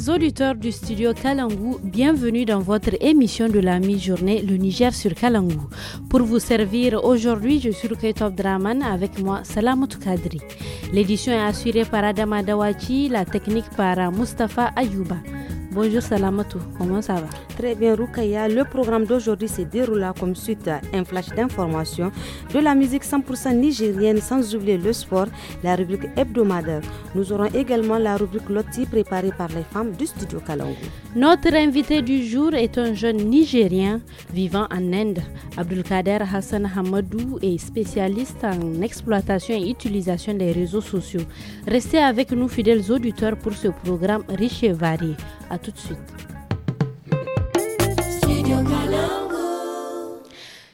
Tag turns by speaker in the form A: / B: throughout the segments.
A: Les auditeurs du studio Kalangu, bienvenue dans votre émission de la mi-journée Le Niger sur Kalangu. Pour vous servir aujourd'hui, je suis of Draman avec moi Salamut Kadri. L'édition est assurée par Adama Dawachi, la technique par Mustafa Ayouba. Bonjour Salamatou, comment ça va
B: Très bien Roukaya, le programme d'aujourd'hui se déroulé comme suite à un flash d'informations, de la musique 100% nigérienne sans oublier le sport, la rubrique hebdomadaire. Nous aurons également la rubrique Loti préparée par les femmes du studio Kalongo.
A: Notre invité du jour est un jeune Nigérien vivant en Inde. Abdulkader Hassan Hamadou est spécialiste en exploitation et utilisation des réseaux sociaux. Restez avec nous fidèles auditeurs pour ce programme riche et varié tout de suite.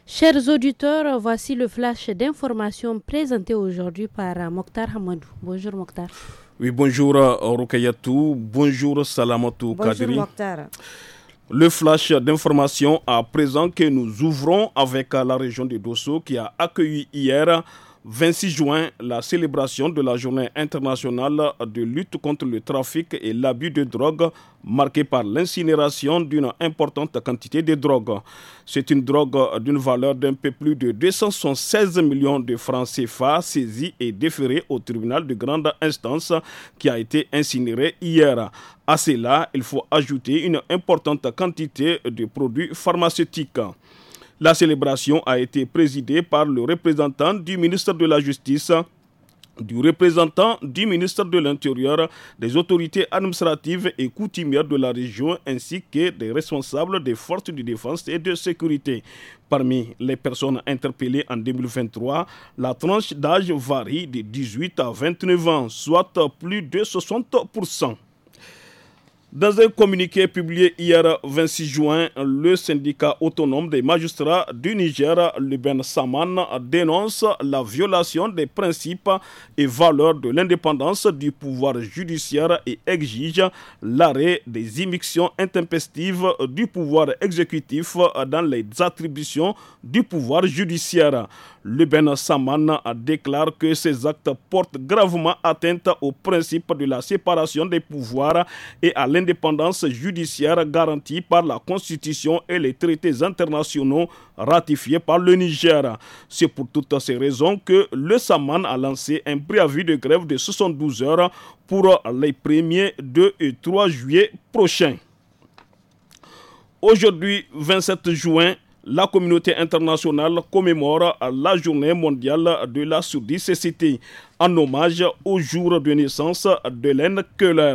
A: Chers auditeurs, voici le flash d'information présenté aujourd'hui par Mokhtar Hamadou. Bonjour Mokhtar.
C: Oui, bonjour euh, Rukayatou. Bonjour Salamatou Kadri. Bonjour Mokhtar. Le flash d'information à présent que nous ouvrons avec euh, la région de Dosso qui a accueilli hier 26 juin, la célébration de la journée internationale de lutte contre le trafic et l'abus de drogue marquée par l'incinération d'une importante quantité de drogue. C'est une drogue d'une valeur d'un peu plus de 216 millions de francs CFA saisie et déférée au tribunal de grande instance qui a été incinérée hier. À cela, il faut ajouter une importante quantité de produits pharmaceutiques. La célébration a été présidée par le représentant du ministre de la Justice, du représentant du ministre de l'Intérieur, des autorités administratives et coutumières de la région ainsi que des responsables des forces de défense et de sécurité. Parmi les personnes interpellées en 2023, la tranche d'âge varie de 18 à 29 ans, soit plus de 60%. Dans un communiqué publié hier 26 juin, le syndicat autonome des magistrats du Niger, le Ben Saman, dénonce la violation des principes et valeurs de l'indépendance du pouvoir judiciaire et exige l'arrêt des émissions intempestives du pouvoir exécutif dans les attributions du pouvoir judiciaire. Le Ben Saman déclare que ces actes portent gravement atteinte au principe de la séparation des pouvoirs et à l'indépendance indépendance judiciaire garantie par la Constitution et les traités internationaux ratifiés par le Niger. C'est pour toutes ces raisons que le Saman a lancé un préavis de grève de 72 heures pour les 1er, 2 et 3 juillet prochains. Aujourd'hui, 27 juin, la communauté internationale commémore la journée mondiale de la surdité, en hommage au jour de naissance d'Hélène Keller.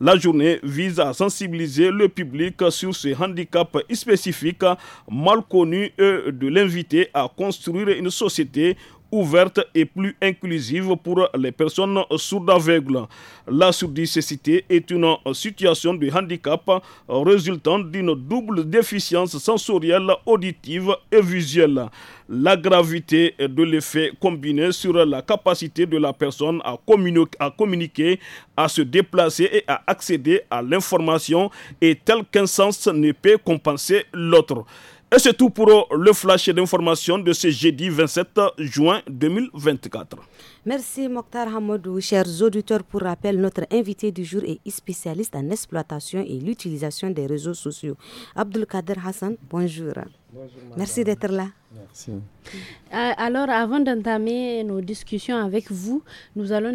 C: La journée vise à sensibiliser le public sur ce handicap spécifique mal connu et de l'inviter à construire une société ouverte et plus inclusive pour les personnes sourdes aveugles. La surdicacité est une situation de handicap résultant d'une double déficience sensorielle, auditive et visuelle. La gravité de l'effet combiné sur la capacité de la personne à, à communiquer, à se déplacer et à accéder à l'information est tel qu'un sens ne peut compenser l'autre. Et c'est tout pour le flash d'information de ce jeudi 27 juin 2024.
B: Merci Mokhtar Hamadou. Chers auditeurs, pour rappel, notre invité du jour est spécialiste en exploitation et l'utilisation des réseaux sociaux. Abdelkader Hassan, bonjour. Merci d'être là. Merci. Euh, alors, avant d'entamer nos discussions avec
A: vous, nous allons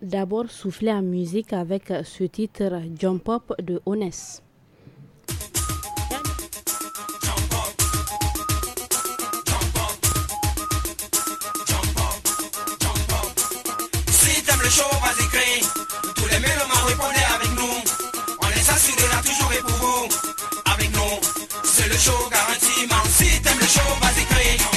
A: d'abord souffler en musique avec ce titre Jump pop de Honest.
D: le show, garantiment. ma Si t'aimes le show, vas-y,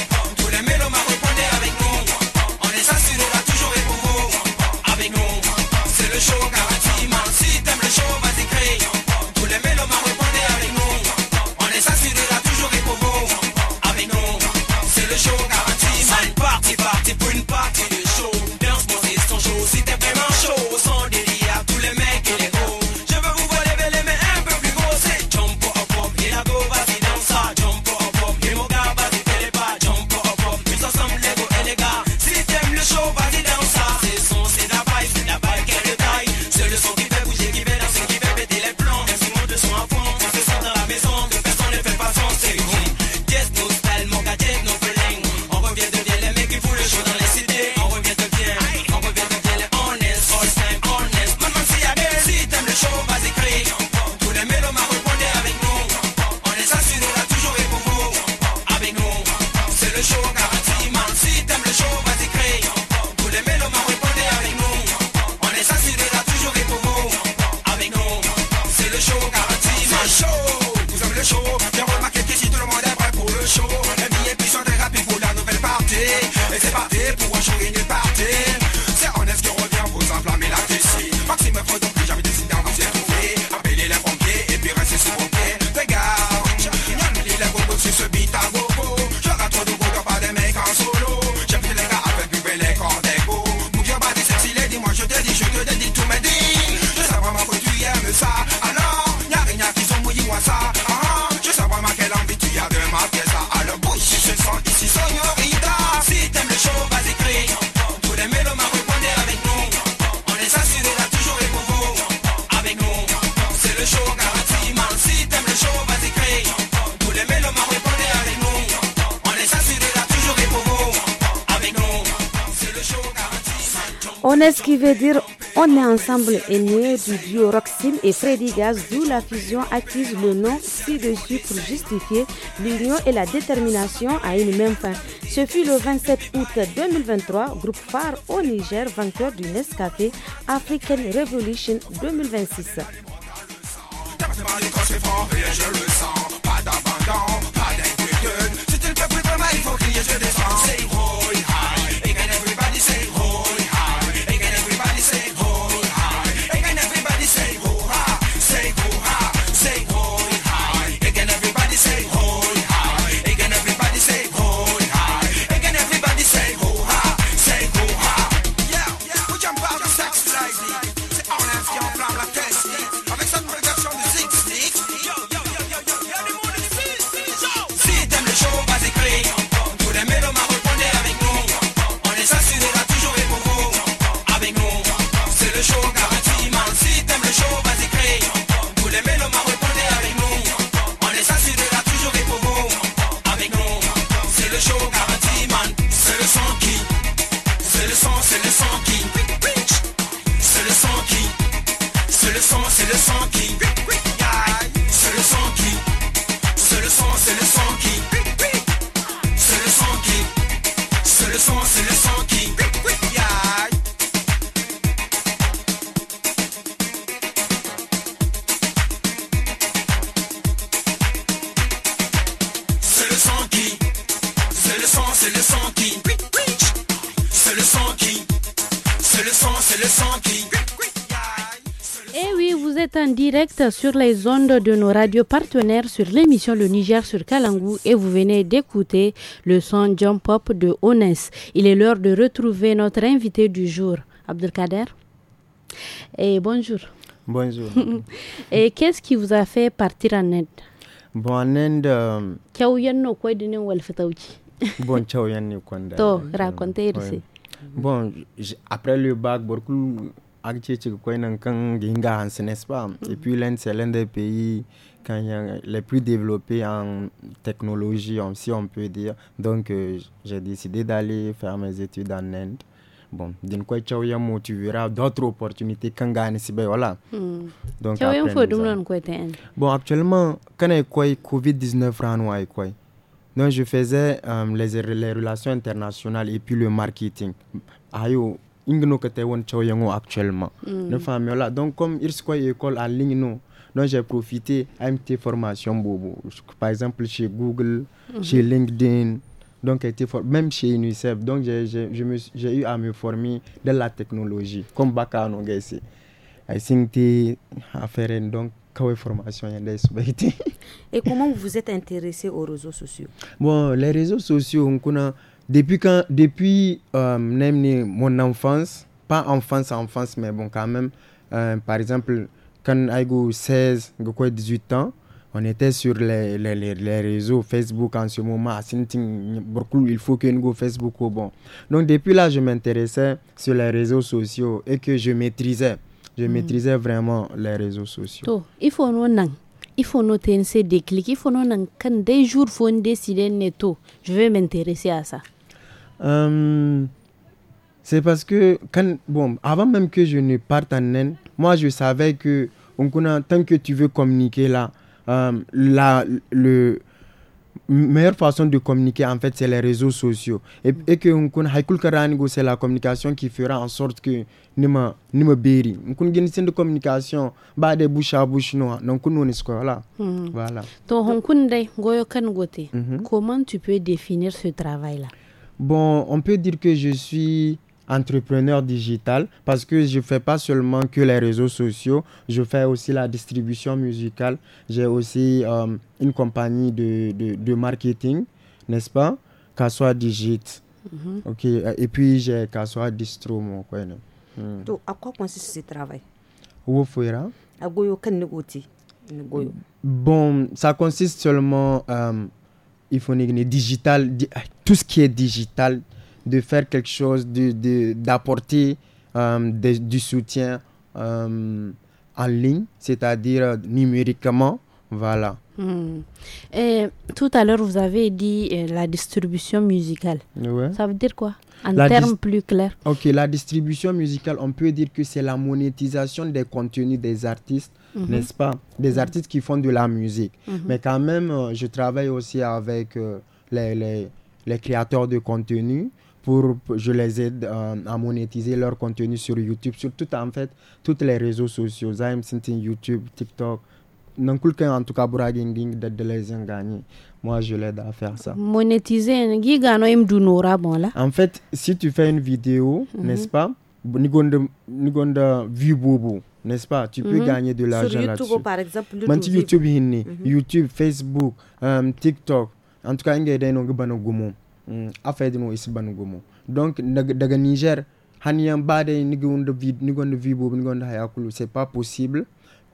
B: dire on est ensemble et du duo Roxim et Freddy Gaz, d'où la fusion acquise le nom ci-dessus pour justifier l'union et la détermination à une même fin. Ce fut le 27 août 2023, groupe phare au Niger, vainqueur du Nescafé African Revolution 2026.
A: sur les ondes de nos radios partenaires sur l'émission Le Niger sur Kalangou et vous venez d'écouter le son Jump Pop de onès Il est l'heure de retrouver notre invité du jour, Abdelkader. Et bonjour. Bonjour. et qu'est-ce qui vous a fait partir en Inde
E: Bon, en Inde. bon bon après le bac beaucoup nest pas mm. Et puis l'Inde, c'est l'un des pays les plus développés en technologie, si on peut dire. Donc, euh, j'ai décidé d'aller faire mes études en Inde. Bon, d'une quoi tu verras d'autres opportunités quand voilà. Mm. Donc, bon, actuellement, quand il y a Covid-19 quoi donc, je faisais euh, les, les, relations internationales et puis le marketing. Ayo, ingno kete won choyango actuellement mm. ne donc comme irskoy école en ligne non donc j'ai profité mt formation bobo par exemple chez Google mm-hmm. chez LinkedIn donc été même chez UNICEF donc j'ai eu à me former dans la technologie comme bakano gaisi I think te affaire donc formation et
B: comment vous vous êtes intéressé aux réseaux sociaux
E: bon les réseaux sociaux on connaît depuis, quand, depuis euh, mon enfance, pas enfance, enfance, mais bon, quand même, euh, par exemple, quand j'ai 16, 18 ans, on était sur les, les, les, réseaux Facebook en ce moment. il faut que nous Facebook oh, bon. Donc depuis là, je m'intéressais sur les réseaux sociaux et que je maîtrisais. Je mm. maîtrisais vraiment les réseaux sociaux.
A: il faut non il faut noter ces déclics. Il faut non quand des jours faut décider netto. Je vais m'intéresser à ça.
E: Euh, c'est parce que, quand, bon, avant même que je ne parte en Inde, moi je savais que, tant que tu veux communiquer là, euh, la le meilleure façon de communiquer en fait c'est les réseaux sociaux et, que c'est la communication qui fera en sorte que nima on connaît de communication ba bouche à bouche non là voilà
A: mm-hmm. mm-hmm. comment tu peux définir ce travail là
E: Bon, on peut dire que je suis entrepreneur digital parce que je ne fais pas seulement que les réseaux sociaux, je fais aussi la distribution musicale, j'ai aussi euh, une compagnie de, marketing, n'est-ce pas Kaswa Digit. Mhm. Euh, et puis j'ai Kaswa Distro. Mon coin. Hmm. Donc,
B: à quoi consiste ce travail
E: Où À Bon, ça consiste seulement... Euh, il faut digital, ah, tout ce qui est digital, de faire quelque chose, d'apporter de, d'apporter euh, du soutien euh, en ligne, c'est-à-dire euh, numériquement. Voilà.
A: Hmm. Et tout à l'heure, vous avez dit euh, la distribution musicale. Ça veut dire quoi En termes plus clairs.
E: Ok, la distribution musicale, on peut dire que c'est la monétisation des contenus des artistes, mhm. n'est-ce pas Des mhm. artistes qui font de la musique. Mhm. Mais quand même, euh, je travaille aussi avec euh, les, créateurs de contenu. Pour, je les aide à monétiser leur contenu sur YouTube, sur tout en fait, tous les réseaux sociaux, I'm YouTube, TikTok, nankulkan en tout cas burage nging de de les gagner moi je l'aide à faire ça
A: monétiser ngi gano im dunora bon là
E: en fait si tu fais une vidéo mm -hmm. n'est-ce pas nigonda nigonda vue bobo n'est-ce pas Tu mm -hmm. peux mhm. gagner de l'argent là-dessus. Sur YouTube, par exemple. Manti YouTube, mm -hmm. YouTube, Facebook, um, TikTok. En tout cas, il y a des gens qui ont Donc, dans le Niger, il y a des gens qui ont des vidéos, c'est pas possible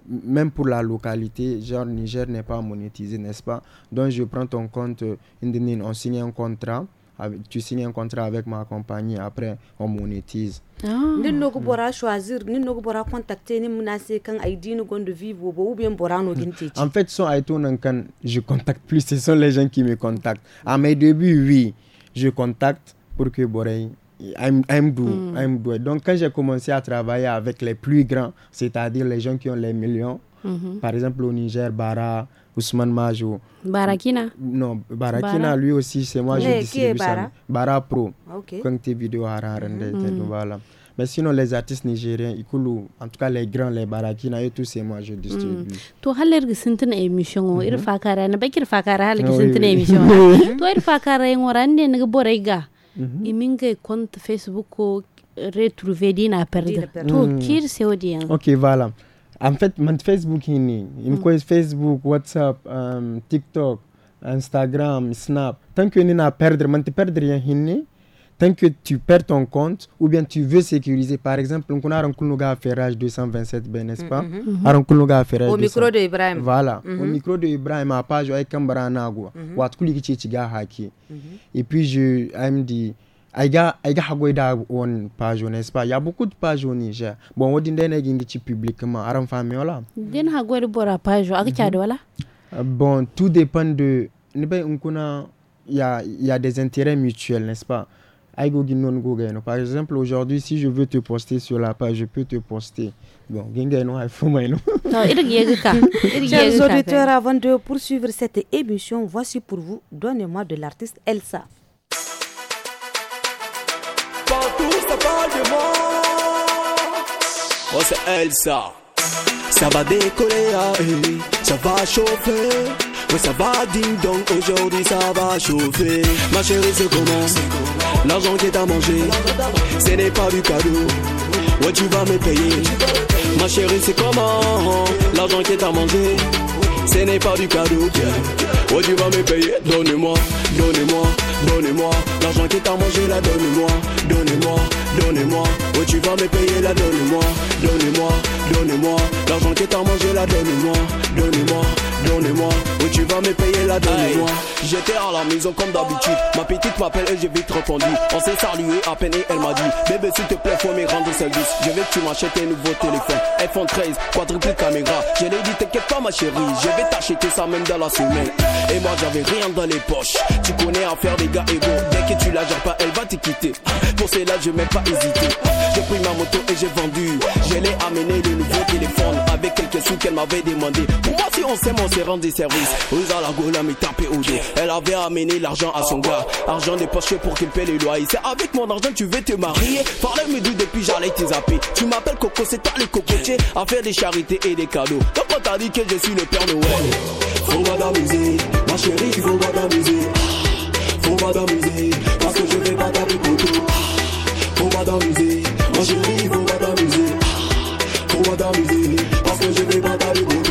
E: même pour la localité, genre Niger n'est pas monétisé, n'est-ce pas Donc je prends ton compte, euh, Indenine, on signe un contrat. Avec, tu signes un contrat avec ma compagnie, après on monétise.
B: Nous ne pourrons choisir, nous ne pourrons contacter, nous menacer quand Aïdi nous de vivre ou bien nous Ginti. En
E: fait, sont Aïtoun quand je contacte plus, ce sont les gens qui me contactent. À mes débuts, oui, je contacte pour que Borei I'm, I'm hmm. Donc, quand j'ai commencé à travailler avec les plus grands, c'est-à-dire les gens qui ont les millions, mhm. Par exemple, au Niger, Bara, Ousmane Majo.
A: Barakina
E: Non, Barakina, lui aussi, c'est moi, je eh, distribue Bara? ça. Bara Pro. Ok. Quand tes vidéos à hmm. hmm. voilà. Mais sinon, les artistes nigériens, Ikulu, en tout cas les grands, les Barakina et tout, c'est moi, je distribue.
A: Tu as l'air de c'est une émission. Il mhm. faut que tu aies une émission. Tu as l'air que c'est une émission. Tu as l'air de une émission. Mm-hmm. iminga compte facebook ko retrouver dina perda to mm. kir se odi
E: ok voilà en fait man facebook hini im mm. facebook whatsapp um, tiktok instagram snap tant que ni perdre man te perdre rien hini tant que tu perds ton compte ou bien tu veux sécuriser, par exemple, on a Rankunoga Ferrage 227, ben, n'est-ce pas mm -hmm. Ferrage Au 200. micro de Ibrahim. Voilà, mm -hmm. au mm-hmm. micro de Ibrahim, à page de Kambara Nagwa, mm-hmm. Haki. Mm-hmm. Et puis, je, elle dit, aiga aiga hagoida on page n'est-ce pas il y a beaucoup de pages au Niger bon on dit ndene gingi publiquement aram fami wala
A: den hagoida bora page akcha de wala
E: bon tout dépend de on il y a il y a des intérêts mutuels n'est-ce pas par exemple, aujourd'hui, si je veux te poster sur la page, je peux te poster. Bon, il
A: Chers auditeurs,
B: avant de poursuivre cette émission, voici pour vous Donnez-moi de l'artiste Elsa.
F: Partout, ça parle de moi. Oh, c'est Elsa. Ça va décoller, ah, eh ça va chauffer. Ouais ça va ding dong, aujourd'hui ça va chauffer Ma chérie c'est comment L'argent qui est à manger Ce n'est pas du cadeau Ouais tu vas me payer Ma chérie c'est comment L'argent qui est à manger Ce n'est pas du cadeau Ouais tu vas me payer Donne-moi, donnez-moi, donnez-moi L'argent qui est à manger là donne-moi, donnez-moi donnez-moi. Où tu vas me payer, la donnez-moi, donnez-moi, donnez-moi. L'argent qui est mangé manger, la donnez-moi, donnez-moi, donnez-moi. Où tu vas me payer, la donnez-moi. J'étais à la maison comme d'habitude. Ma petite m'appelle et j'ai vite répondu. On s'est salué à peine et elle m'a dit Bébé, s'il te plaît, faut me rendre service. Je veux que tu m'achètes un nouveau téléphone. iPhone 13, quadruple caméra. Je l'ai dit, t'inquiète pas, ma chérie. Je vais t'acheter ça même dans la semaine. Et moi, j'avais rien dans les poches. Tu connais à faire des gars bon. Dès que tu la gères pas, elle va te quitter. Pour cela, je mets pas j'ai pris ma moto et j'ai vendu. Je l'ai amené de nouveau téléphone avec quelques sous qu'elle m'avait demandé. Pour moi, si on s'aime, on s'est rendu service. Rosa la gola m'est tapé au Elle avait amené l'argent à son gars. Argent dépensé pour qu'il paye les loyers. C'est avec mon argent tu veux te marier. Parlais me dit depuis j'allais te zapper. Tu m'appelles Coco, c'est toi le cocotier. à faire des charités et des cadeaux. Donc on t'a dit que je suis le Père Noël. Faut pas t'amuser, ma chérie, faut pas Faut pas t'amuser, parce que je vais pas t'appeler pour moi d'amuser. Moi chérie, faut pas t'amuser. Ah, pour moi d'amuser, parce que je vais pas t'allumer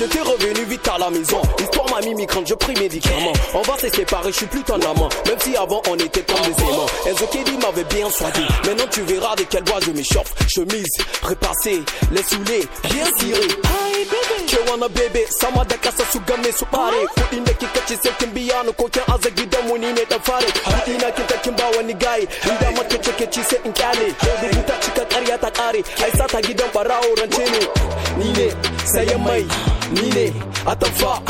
F: j'étais revenu vite à la maison. Histoire m'a mis quand je pris médicaments. On va se séparer, je suis plus ton amant. Même si avant on était comme des aimants. Enzo Kedi m'avait bien soigné. Maintenant tu verras de quel bois je m'échauffe. Chemise, repassée, les soulés, bien ciré. Kewana bébé, sama da kasa su game su bare. Kuɗi ne kika ce sai kin biya ni ko kin azagi da muni ne da fare. Kuɗi na kin takin ba wani gaye. Inda maka ce ke ci sai in kyale. Rubuta ta ƙare. Ai sata gidan para au ne. Ni ne sayan nile atamfa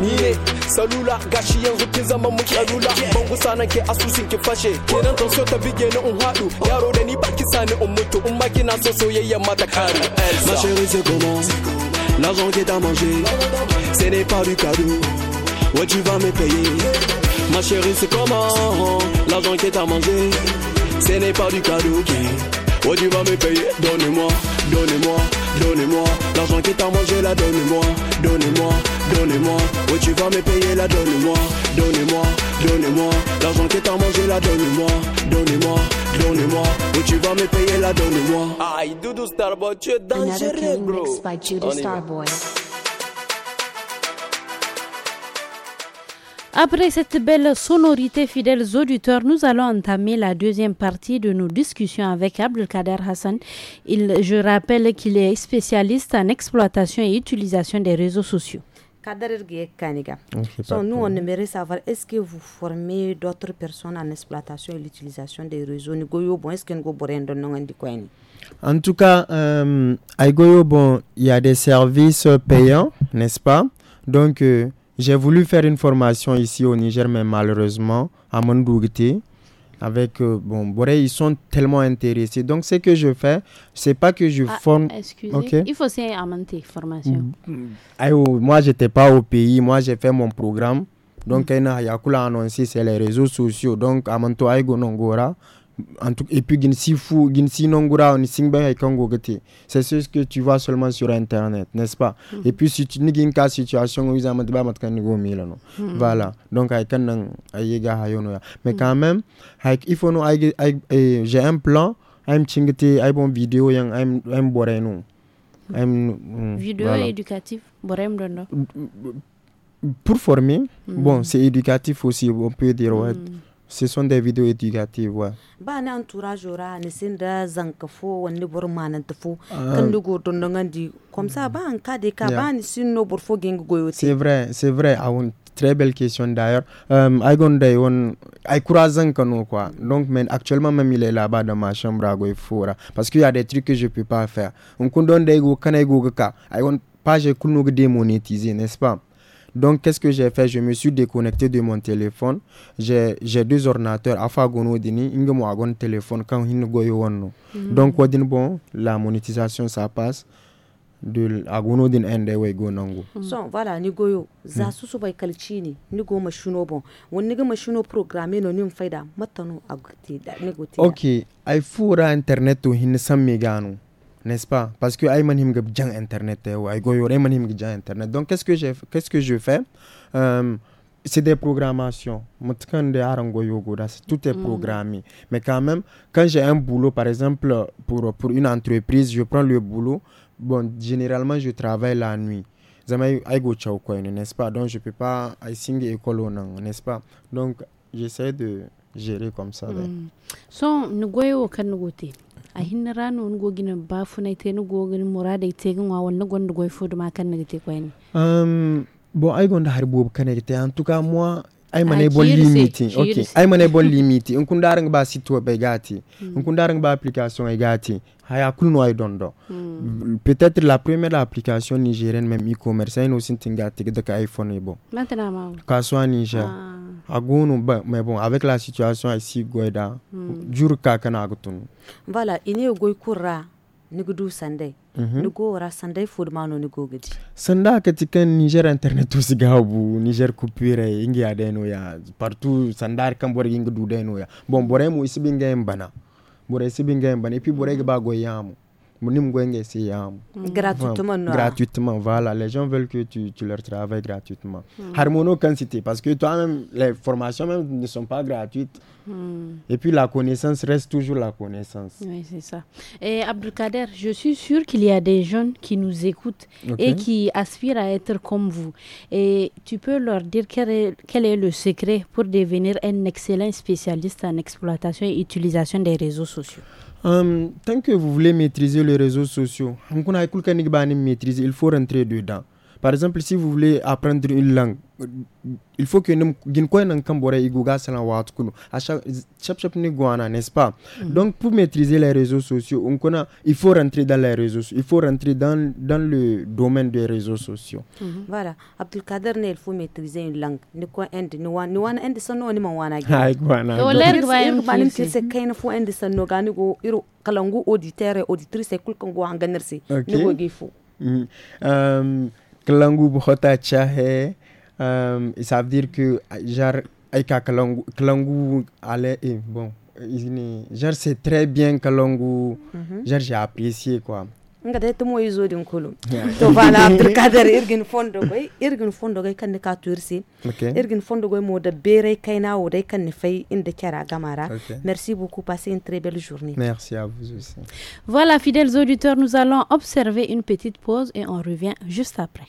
F: nile salula gashi yanzu kin zama mun kalula ban gusa nan ke asusun ki fashe kenan don so ta bige un in hadu yaro da ni baki sani in mutu in ma kina so oh, soyayya mata karu ma chérie c'est comment l'argent qui est à manger ce n'est pas du cadeau où tu vas me payer ma chérie c'est comment l'argent qui est à manger ce n'est pas du cadeau qui ouais tu vas me payer donne-moi donne-moi donnez-moi L'argent qui t'a mangé là la donnez moi Donnez-moi, donnez-moi Où tu vas me payer, la donnez moi Donnez-moi, donnez-moi L'argent qui t'a mangé là la donnez moi Donnez-moi, donnez-moi Où tu vas me payer, la donnez moi Aïe, Doudou Starboy, tu es dangereux, bro by Judy Starboy
A: Après cette belle sonorité, fidèles auditeurs, nous allons entamer la deuxième partie de nos discussions avec Abdelkader Hassan. je rappelle qu'il est spécialiste en exploitation et utilisation des réseaux sociaux.
B: So, nous, on aimerait savoir, est-ce que vous formez d'autres personnes en exploitation et l'utilisation des réseaux
E: En tout cas, euh, il y a des services payants, n'est-ce pas Donc, euh, j'ai voulu faire une formation ici au Niger, mais malheureusement, à doute, avec euh, bon ils sont tellement intéressés. Donc ce que je fais, c'est pas que je ah, forme. Excusez,
A: il faut c'est amener formation. Moi mm,
E: je mm. oh, moi j'étais pas au pays, moi j'ai fait mon programme. Donc il mm. y a annoncé c'est les réseaux sociaux. Donc amanto aigo nongora en tout, et puis guin Fou, Ginsi Nongura, singbe et kango Gete. C'est ce que tu vois seulement sur Internet, n'est-ce pas mm-hmm. Et puis si tu n'as une situation où ils ont dit que tu Milano. Mm-hmm. Voilà. Donc, mais quand même, il mm-hmm. faut nous, j'ai un plan, ay chingete, ay bon vidéo, I'm, I'm boreno. ay vidéo
A: éducative,
B: borem
E: Pour former, bon, c'est éducatif aussi, on peut dire, ouais ce sont des vidéos éducatives ah. c'est vrai c'est vrai Ah, une très belle question d'ailleurs euh donc actuellement même il est là-bas dans ma chambre à parce qu'il y a des trucs que je peux pas faire on ne des go démonétiser n'est-ce pas donc, qu'est-ce que j'ai fait Je me suis déconnecté de mon téléphone. J'ai deux ordinateurs. Afa dini, téléphone quand hin goyo hmm. Donc, la monétisation ça passe de agono ende way go nango.
B: Hmm. So, voilà, ni goyo za go bon. programme matano aguti da ni Okay,
E: faut fura internet to oh, hin n'est-ce pas Parce que Ayman Internet, eh, Internet. Donc, qu'est-ce que, qu'est-ce que je fais euh, c'est des programmations. Tout est mm. programmé. Mais quand même, quand j'ai un boulot, par exemple, pour, pour une entreprise, je prends le boulot. Bon, généralement, je travaille la nuit. N'est-ce pas? Donc, je ne peux pas signer école, n'est-ce pas? Donc, j'essaie de gérer comme ça. Mm.
A: n'go nous
E: bon ay gonda en tout cas moi i'm okay a limiti un kun ba Je suis gati application gati hmm. peut-être la première application nigérienne même e-commerce no sintin gati de iphone bo maintenant ma niger ah. mais bon avec la situation ici goida ka kana
B: voilà goy nigdu sandai mhm. nigo wara sandai fudmano nigo
E: sanda ka cikin niger internet su niger kupire ingia denoya partu ya partout sanda kan bor ingi du deno ya bon bore mu isibinga bana bore isibinga bana epi bore ga Mm.
G: gratuitement.
E: Gratuitement, voilà. Les gens veulent que tu, tu leur travailles gratuitement. Mm. Harmono parce que toi-même, les formations même ne sont pas gratuites. Mm. Et puis la connaissance reste toujours la connaissance.
A: Oui, c'est ça. Et Abdelkader, je suis sûr qu'il y a des jeunes qui nous écoutent et qui aspirent à être comme vous. Et tu peux leur dire quel est le secret pour devenir un excellent spécialiste en exploitation et utilisation des réseaux sociaux
E: Hum, tant que vous voulez maîtriser les réseaux sociaux, hum, il faut rentrer dedans. Par exemple, si vous voulez apprendre une langue, il faut que gin ko nan kan bore iguga sala wat kunu à chaque chap ni guana n'est-ce pas mm-hmm. donc pour maîtriser les réseaux sociaux on connaît il faut rentrer dans les réseaux il faut rentrer dans, dans le domaine des réseaux sociaux
B: mm -hmm. voilà abdul kader ne il faut maîtriser une langue ni ko end ni wan ni wan end sanno ni man wana gi ay guana to ler ba en balim ke se kain fo end sanno ga ni go iro kalangu auditeur et auditrice kul ko go an ganarse ni go gi
E: euh kalangu bu hota chahe eh euh, ça veut dire que genre aika kalangu kalangu allait et eh, bon genre c'est très bien kalangu mhm. genre j'ai apprécié quoi
B: nga dai tumo izo din kulu to bala abdul kader irgin fondo goy irgin fondo goy kan ka tursi irgin fondo goy mo da bere kaina wo dai kan fay inda kera gamara merci beaucoup passez une très belle journée
E: merci à vous aussi
A: voilà fidèles auditeurs nous allons observer une petite pause et on revient juste après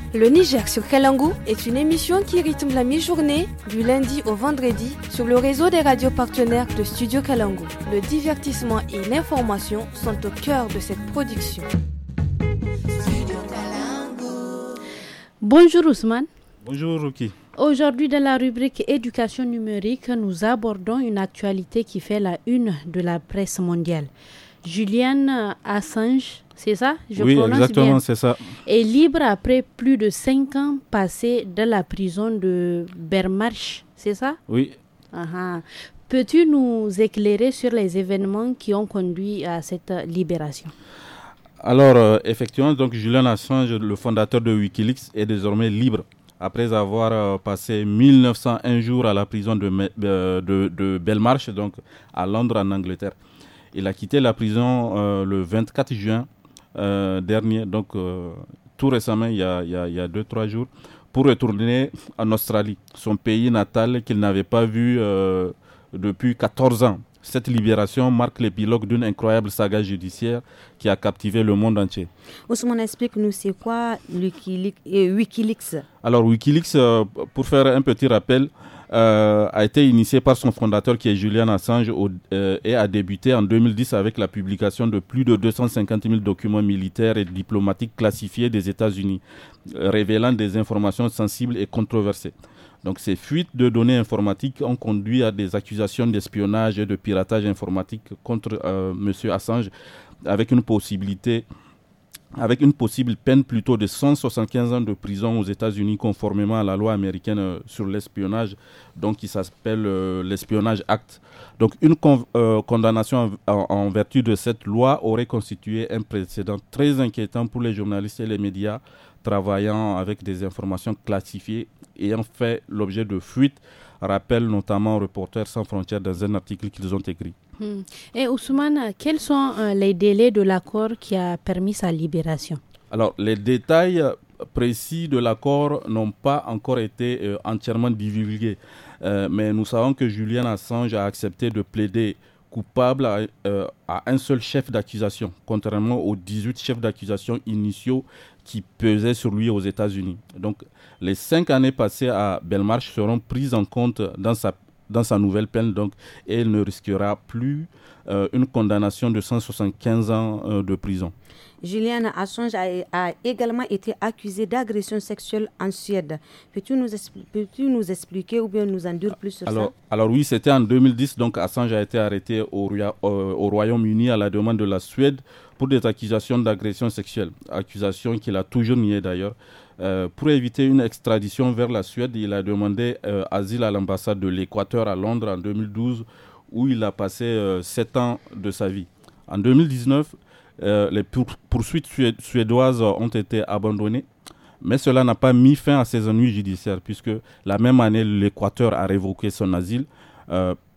E: Le Niger sur Kalangu
H: est une émission qui rythme la mi-journée du lundi au vendredi sur le réseau des radios partenaires de Studio Kalangu. Le divertissement et l'information sont au cœur de cette production.
A: Bonjour Ousmane.
I: Bonjour Ruki.
A: Aujourd'hui, dans la rubrique éducation numérique, nous abordons une actualité qui fait la une de la presse mondiale. Julian Assange, c'est ça Je Oui, exactement, c'est ça. Est libre après plus de cinq ans passés dans la prison de Bermarche, c'est ça Oui. Ah ah. Peux-tu nous éclairer sur les événements qui ont conduit à cette libération
I: Alors, euh, effectivement, donc Julian Assange, le fondateur de Wikileaks, est désormais libre après avoir euh, passé 1901 jours à la prison de, euh, de, Belmarsh, donc à Londres, en Angleterre. Il a quitté la prison euh, le 24 juin euh, dernier, donc euh, tout récemment, il y a 2-3 jours, pour retourner en Australie, son pays natal qu'il n'avait pas vu depuis 14 ans. Cette libération marque l'épilogue d'une incroyable saga judiciaire qui a captivé le monde entier.
B: Ousmane, explique-nous, c'est quoi Wikileaks
I: Alors, Wikileaks, pour faire un petit rappel, euh, a été initié par son fondateur qui est Julian Assange euh, et a débuté en 2010 avec la publication de plus de 250 000 documents militaires et diplomatiques classifiés des États-Unis, euh, révélant des informations sensibles et controversées. Donc ces fuites de données informatiques ont conduit à des accusations d'espionnage et de piratage informatique contre Monsieur M. Assange avec une possibilité avec une possible peine plutôt de 175 ans de prison aux États-Unis conformément à la loi américaine euh, sur l'espionnage, donc qui s'appelle euh, l'espionnage act. Donc une euh, condamnation en, vertu de cette loi aurait constitué un précédent très inquiétant pour les journalistes et les médias travaillant avec des informations classifiées ayant fait l'objet de fuites, rappelle notamment Reporters sans frontières dans un article qu'ils ont écrit.
A: Hmm. Et Ousmane, quels sont euh, les délais de l'accord qui a permis sa libération
I: Alors, les détails euh, précis de l'accord n'ont pas encore été euh, entièrement divulgués. mais nous savons que Julian Assange a accepté de plaider coupable à, un seul chef d'accusation, contrairement aux 18 chefs d'accusation initiaux qui pesaient sur lui aux États-Unis. Donc les cinq années passées à Belmarsh seront prises en compte dans sa dans sa nouvelle peine donc, elle ne risquera plus euh, une condamnation de 175 ans euh, de prison.
B: Juliane Assange a, également été accusée d'agression sexuelle en Suède. Peux-tu nous, expliquer ou bien nous en dire plus sur alors, ça
I: Alors oui, c'était en 2010, donc Assange a été arrêté au, euh, au Royaume-Uni à la demande de la Suède pour des accusations d'agression sexuelle, accusation qu'il a toujours niée d'ailleurs. Euh, pour éviter une extradition vers la Suède, il a demandé euh, asile à l'ambassade de l'Équateur à Londres en 2012, où il a passé euh, sept ans de sa vie. En 2019, les poursuites suédoises ont été abandonnées, mais cela n'a pas mis fin à ses ennuis judiciaires, puisque la même année, l'Équateur a révoqué son asile,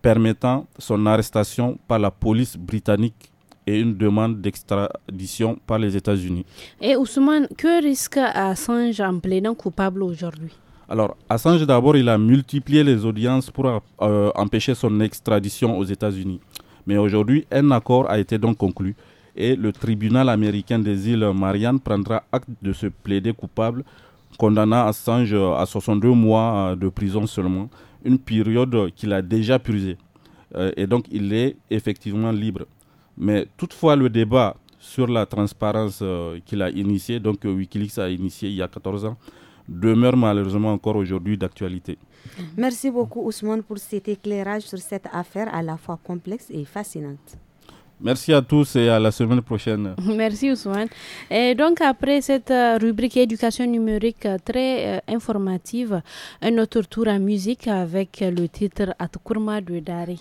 I: permettant son arrestation par la police britannique et une demande d'extradition par les États-Unis.
A: Et Ousmane, que risque Assange en plaidant coupable aujourd'hui
I: alors, Assange, d'abord, il a multiplié les audiences pour euh, empêcher son extradition aux États-Unis. Mais aujourd'hui, un accord a été donc conclu et le tribunal américain des îles Marianne prendra acte de ce plaidé coupable, condamnant Assange à 62 mois euh, de prison seulement, une période qu'il a déjà purgée. Euh, et donc, il est effectivement libre. Mais toutefois, le débat sur la transparence euh, qu'il a initié, donc euh, Wikileaks a initié il y a 14 ans, demeure malheureusement encore aujourd'hui d'actualité.
B: Merci beaucoup Ousmane pour cet éclairage sur cette affaire à la fois complexe et fascinante.
I: Merci à tous et à la semaine prochaine.
B: Merci Ousmane.
A: Et donc après cette euh, rubrique éducation numérique très informative, un autre tour en musique avec le titre Atkurma de Dari.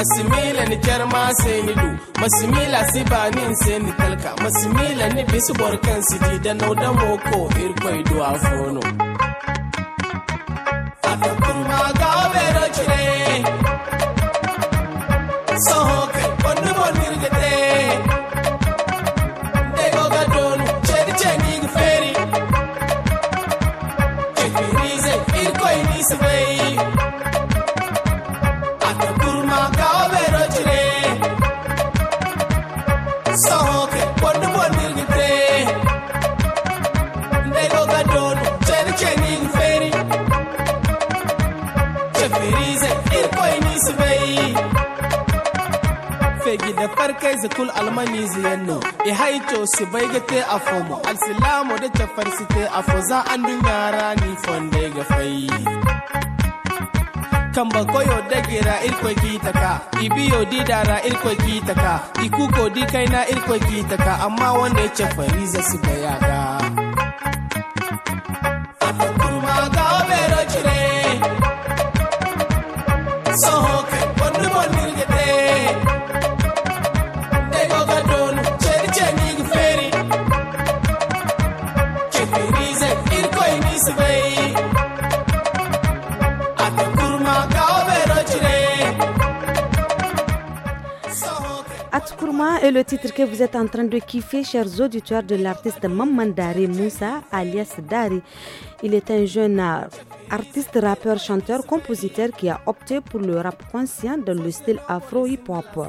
J: masimila ni jarma sai ni du masimila si ni sai ni talka masimila ni bisu borkan si da no da moko irkoi fono zikul almani ziyenno e hayto si baygete afomo alsilamo de a afoza andu ni fonde ga fay kamba koyo dagira koy kitaka ibiyo didara koy kitaka ikuko dikaina koy kitaka amma wanda ya ce fariza bayaga
B: et est le titre que vous êtes en train de kiffer, chers auditeurs, de l'artiste Mamandari Moussa, alias Dari. Il est un jeune euh, artiste, rappeur, chanteur, compositeur qui a opté pour le rap conscient dans le style afro-hip-hop.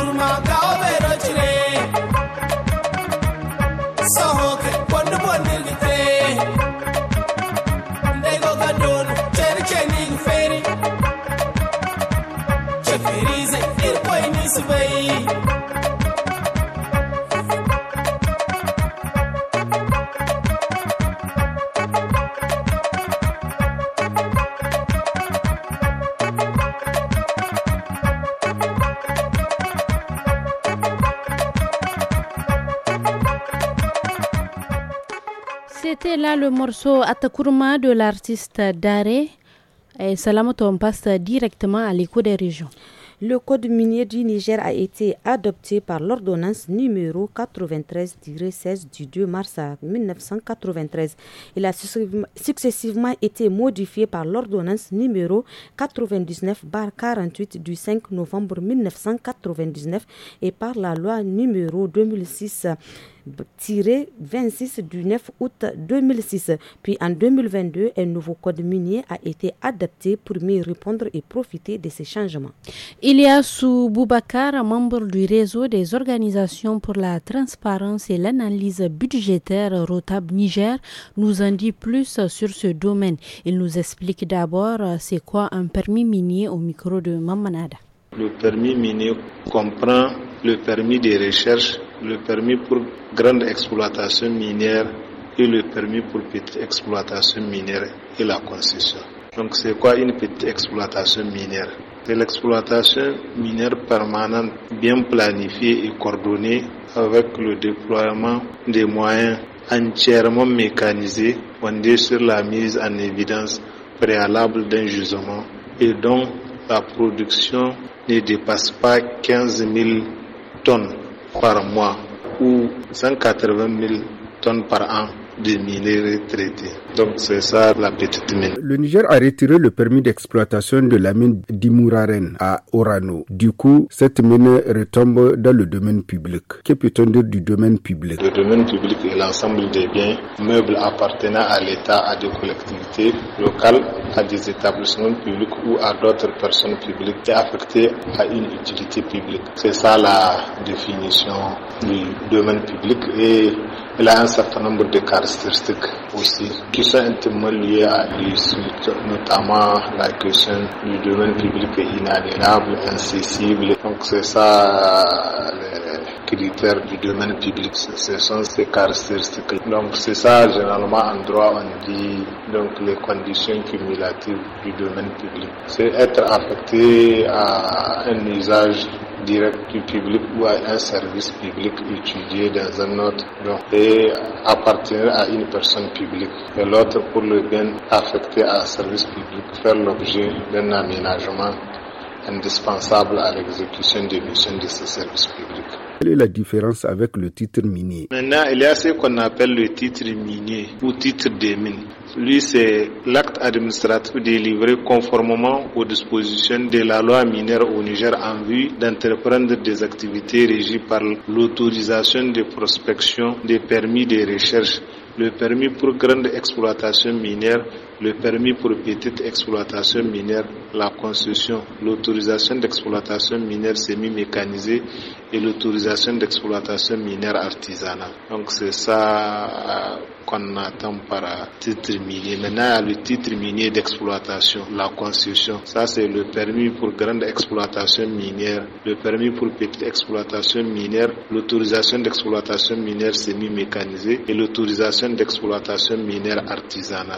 A: morceau Atakurma de l'artiste Daré.
B: Et Salamoto, on passe directement à l'écho des régions. Le Code minier du Niger a été adopté par l'ordonnance numéro 93-16 du 2 mars 1993. Il a successivement été modifié par l'ordonnance numéro 99-48 du 5 novembre 1999 et par la loi numéro 2006 tiré 26 du 9 août 2006. Puis en 2022, un nouveau code minier a été adapté pour mieux répondre et profiter de ces changements. Il y a sous Boubacar,
A: membre du réseau des organisations pour la transparence et l'analyse budgétaire Rotab Niger, nous en dit plus sur ce domaine. Il nous explique d'abord euh, c'est quoi un permis minier au micro de Mamanada.
K: Le permis minier comprend le permis de recherche le permis pour grande exploitation minière et le permis pour petite exploitation minière et la concession. Donc c'est quoi une petite exploitation minière C'est l'exploitation minière permanente bien planifiée et coordonnée avec le déploiement des moyens entièrement mécanisés fondés sur la mise en évidence préalable d'un jugement et dont la production ne dépasse pas 15 000 tonnes par mois ou 180 000 tonnes par an des traités. Donc c'est ça la petite
L: Le Niger a retiré le permis d'exploitation de la mine d'Imouraren à Orano. Du coup, cette mine retombe dans le domaine public. Que peut-on dire du domaine public
K: Le domaine public est l'ensemble des biens meubles appartenant à l'État, à des collectivités locales, à des établissements publics ou à d'autres personnes publiques et affectés à une utilité publique. C'est ça la définition du domaine public et il a un certain nombre de caractéristiques aussi qui sont intimement liées à l'issue, notamment la question du domaine public est inaliénable, incessible. Donc c'est ça les critères du domaine public, ce sont ces caractéristiques. Donc c'est ça généralement en droit on dit donc les conditions cumulatives du domaine public. C'est être affecté à un usage direct du public ou à un service public étudié dans un autre don et appartenant à une personne publique et l'autre pour le bien affecté à un service public faire l'objet d'un aménagement indispensable à l'exécution des missions de ce service public.
L: Quelle est la différence avec le titre minier
K: Maintenant, il y a ce qu'on appelle le titre minier ou titre des mines. Lui, c'est l'acte administratif délivré conformément aux dispositions de la loi minière au Niger en vue d'entreprendre des activités régies par l'autorisation de prospection des permis de recherche, le permis pour grande exploitation minière le permis pour petite exploitation minière, la construction, l'autorisation d'exploitation minière semi-mécanisée et l'autorisation d'exploitation minière artisanale. Donc c'est ça euh, qu'on attend par titre minier. Maintenant, le titre minier d'exploitation, la construction. Ça, c'est le permis pour grande exploitation minière, le permis pour petite exploitation minière, l'autorisation d'exploitation minière semi-mécanisée et l'autorisation d'exploitation minière artisanale.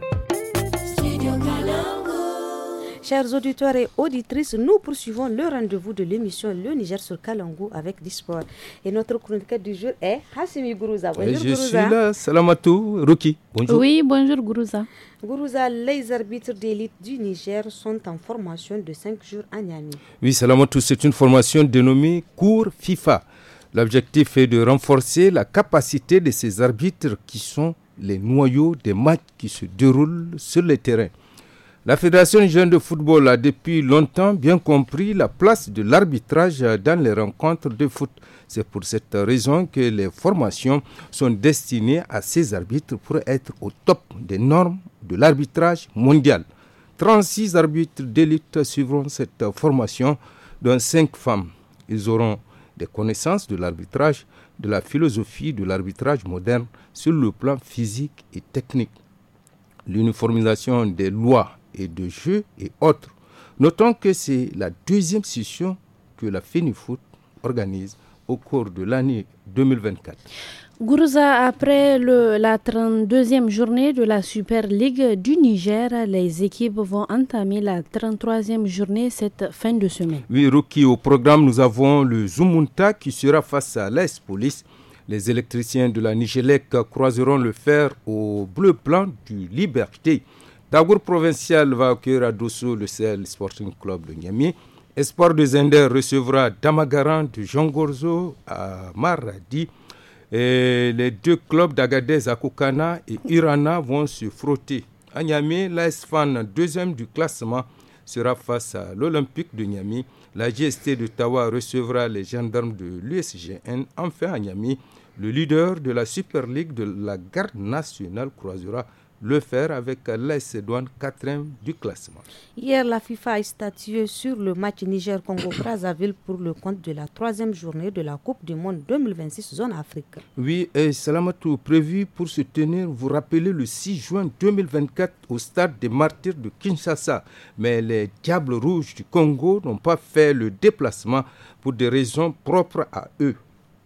B: Chers auditeurs et auditrices, nous poursuivons le rendez-vous de l'émission Le Niger sur Kalangou avec Disport. Et notre chroniqueur du jour est Hassimi Gourouza. Bonjour Je suis là,
L: Ruki. Bonjour. Oui,
A: bonjour
B: Gourouza. Gourouza, les arbitres d'élite du Niger sont en formation de 5 jours à Niamey.
L: Oui, salamatou, c'est une formation dénommée cours FIFA. L'objectif est de renforcer la capacité de ces arbitres qui sont les noyaux des matchs qui se déroulent sur le terrain. La Fédération jeune de football a depuis longtemps bien compris la place de l'arbitrage dans les rencontres de foot. C'est pour cette raison que les formations sont destinées à ces arbitres pour être au top des normes de l'arbitrage mondial. 36 arbitres d'élite suivront cette formation, dont 5 femmes. Ils auront des connaissances de l'arbitrage, de la philosophie de l'arbitrage moderne sur le plan physique et technique. L'uniformisation des lois et de jeux et autres. Notons que c'est la deuxième session que la Finifoot organise au cours de l'année 2024.
A: Gourouza, après la 32e journée de la Super League du Niger, les équipes vont entamer la 33e journée cette fin de semaine.
L: Oui, Ruki, au programme, nous avons le Zumunta qui sera face à l'Est Police. Les électriciens de la Nigelec croiseront le fer au bleu plan du Liberté. Dagour Provincial va accueillir à Dosso le CL Sporting Club de Niamey. Espoir de Zender recevra Damagaran du Jongorzo à Maradi. Et les deux clubs d'Agadez à Koukana et Irana vont se frotter. À Niami, l'ASFAN, deuxième du classement, sera face à l'Olympique de Niamey. La GST de Tawa recevra les gendarmes de l'USGN. Enfin, à Niamey, le leader de la Super League de la Garde nationale croisera le faire avec l'AS 4e du classement.
B: Hier, la FIFA est statué sur le match Niger-Congo-Brazzaville pour le compte de la troisième journée de la Coupe du Monde 2026 zone Afrique.
L: Oui, et tout prévu pour se tenir, vous rappelez, le 6 juin 2024 au stade des martyrs de Kinshasa. Mais les Diables Rouges du Congo n'ont pas fait le déplacement pour des raisons propres à eux.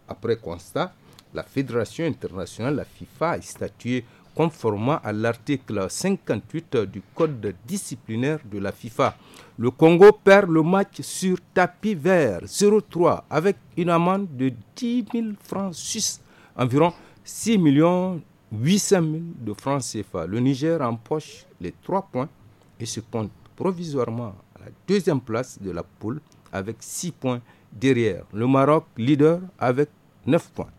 L: Après constat, la Fédération internationale, la FIFA, a statué conformément à l'article 58 du Code disciplinaire de la FIFA. Le Congo perd le match sur tapis vert 0-3 avec une amende de 10 000 francs suisses, environ 6 800 000 de francs CFA. Le Niger empoche les 3 points et se compte provisoirement à la deuxième place de la poule avec six points derrière. Le Maroc, leader, avec 9 points.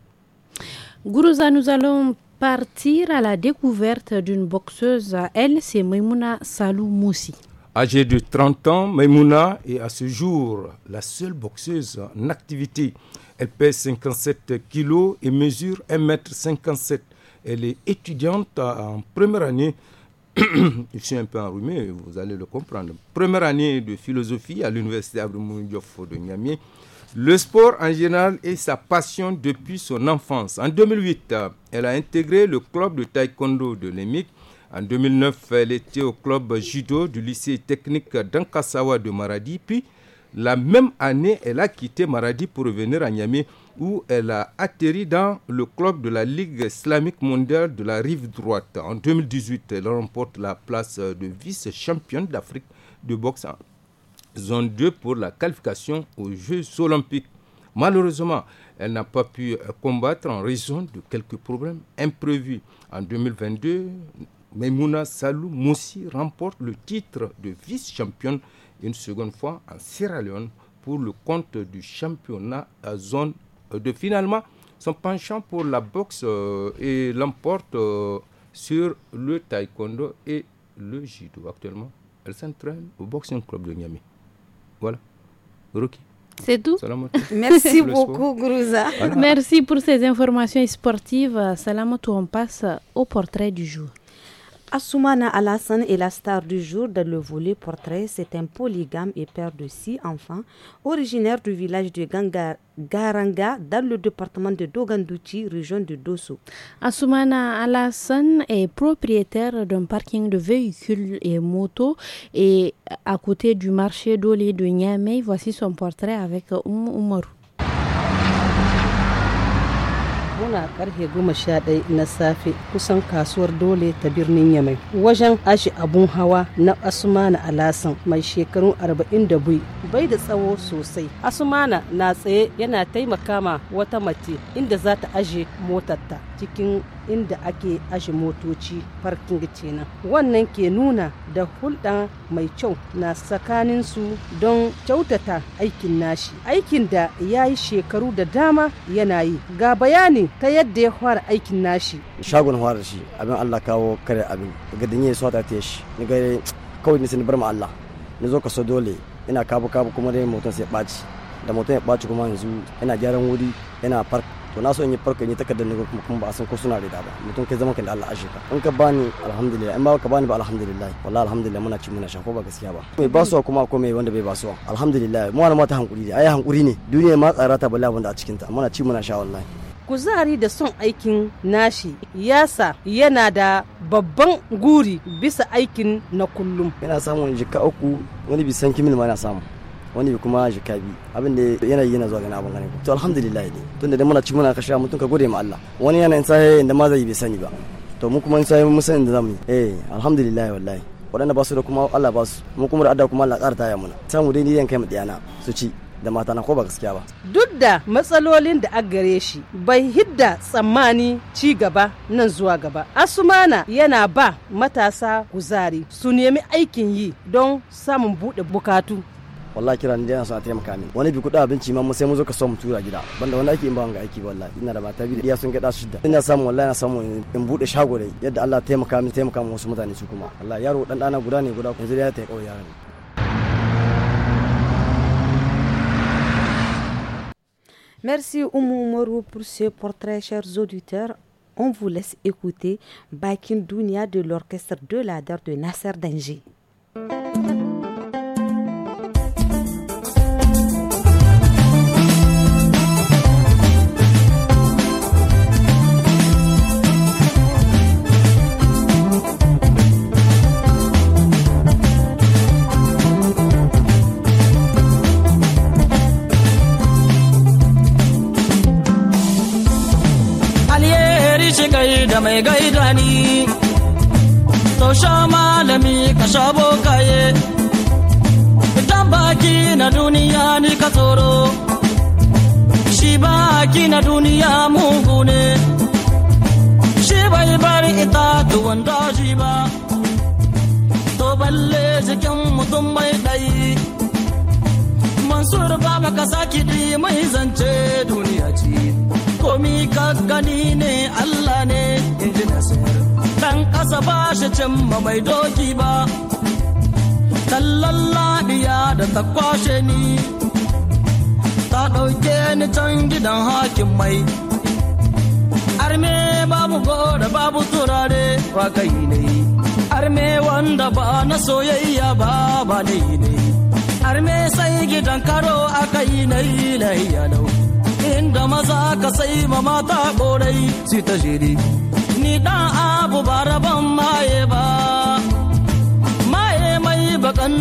A: Gourouza, nous allons Partir à la découverte d'une boxeuse, elle, c'est Maimouna Salou Moussi.
L: Âgée de 30 ans, Maimouna est à ce jour la seule boxeuse en activité. Elle pèse 57 kg et mesure 1m57. Elle est étudiante en première année. Je suis un peu enrhumé, vous allez le comprendre. Première année de philosophie à l'université Abdoumou de Niamey. Le sport en général est sa passion depuis son enfance. En 2008, elle a intégré le club de taekwondo de l'EMIC. En 2009, elle était au club judo du lycée technique d'Ankasawa de Maradi. Puis, la même année, elle a quitté Maradi pour revenir à Niamey où elle a atterri dans le club de la Ligue islamique mondiale de la rive droite. En 2018, elle remporte la place de vice-championne d'Afrique de boxe zone 2 pour la qualification aux Jeux olympiques. Malheureusement, elle n'a pas pu euh, combattre en raison de quelques problèmes imprévus. En 2022, Maimouna Salou Moussi remporte le titre de vice-championne une seconde fois en Sierra Leone pour le compte du championnat à zone 2. Euh, finalement, son penchant pour la boxe euh, et l'emporte sur le taekwondo et le judo. Actuellement, elle s'entraîne au Boxing Club de Niamey. Voilà. C'est tout. Merci beaucoup, Grouza.
G: Merci
A: pour ces informations sportives. Salamatou, on passe au portrait du jour.
B: Assoumana Alassane est la star du jour dans le volet portrait. C'est un polygame et père de six enfants, originaire du village de Ganga, Garanga, dans le département de Dogandouchi, région de Dosso. Assoumana Alassane est propriétaire
A: d'un parking de véhicules et motos et à côté du marché d'Olé de Niamey. Voici son portrait avec Oumaru.
G: muna karfe goma sha ɗaya na safe kusan kasuwar dole ta birnin yamai wajen ashi abun hawa na asumana alasan mai shekaru arba'in da biyu bai da tsawo sosai asumana na tsaye yana taimaka ma wata mace inda za ta aje motarta cikin inda ake ashe motoci parking kenan wannan ke nuna da hulɗa mai kyau na tsakaninsu don kyautata aikin nashi aikin da ya yi shekaru da dama yana yi ga bayani ta yadda ya fara aikin nashi
M: shagon fara shi abin allah kawo kare abin gadin ya swata ta shi ni gare kawai nisan sun bar ma allah ni zo kaso dole ina kabu kabu kuma dai motar sai ɓaci da motar ya ɓaci kuma yanzu ina gyaran wuri ina park to na so in yi farko in yi takardar ne kuma ba a san ko suna rida ba mutum kai zaman kan da Allah ashe ka in ka bani alhamdulillah in ba ka bani ba alhamdulillah wallahi alhamdulillah muna ci muna sha ko ba gaskiya ba mai basuwa kuma akwai mai wanda bai basuwa alhamdulillah mu wani mata hankuri ne ai hankuri ne duniya ma tsara ta bala wanda a cikin ta muna ci muna sha wallahi
G: kuzari da son aikin nashi yasa yana da babban
M: guri bisa aikin na kullum yana samun jika uku wani bisan kimin ma yana samu wani kuma jika bi abin da yanayi yana zuwa gani abin gani to alhamdulillah ne tun da muna ci muna kashe mutum ka gode ma Allah wani yana sai inda ma zai bai sani ba to mu kuma sai mun san inda zamu yi eh alhamdulillah wallahi waɗanda ba su da kuma Allah ba su mu kuma da adda kuma Allah ƙara ya muna samu dai ni yan kai mu diyana su ci da mata na ko ba gaskiya ba.
G: Duk da matsalolin da aka gare shi bai hidda tsammani ci gaba nan zuwa gaba. Asumana yana ba matasa kuzari su nemi aikin yi don samun buɗe bukatu
M: wallahi kira ni dai son a taimaka min wani bi kuɗa abinci ma sai mu zo ka so mu tura gida banda wanda ake in ba ga aiki wallahi ina da mata biyu da sun ga da shida ina samu wallahi ina samu in bude shago dai yadda Allah taimaka min taimaka min wasu mutane su kuma wallahi yaro dan dana guda ne guda yanzu ya ta kauye ne.
B: Merci Oumou Morou pour ce portrait, chers auditeurs. On vous laisse écouter Bakin Dounia de l'orchestre de l'Adar de Nasser Danger.
N: mai gaida ni to malami ka sha bokaye idan baki na duniya ni ka tsoro shi baki na duniya mugu ne shi bai bari itatuwan daji ba to balle jikin mutum mai ɗayi mansur ba maka saki mai zance duniya ce komi gani ne Allah ne in dan ƙasa ba shi cimma mai doki ba tallan ladiya da ta kwashe ni ta ɗauke ni can gidan hakin mai arme babu gora babu turare ba kai ne arme wanda ba na soyayya ba ba ne ne arme sai gidan karo aka yi na yi lau inda maza ka sai ma mata korai su ta shiri ni da abu ba rabon maye ba maye mai bakan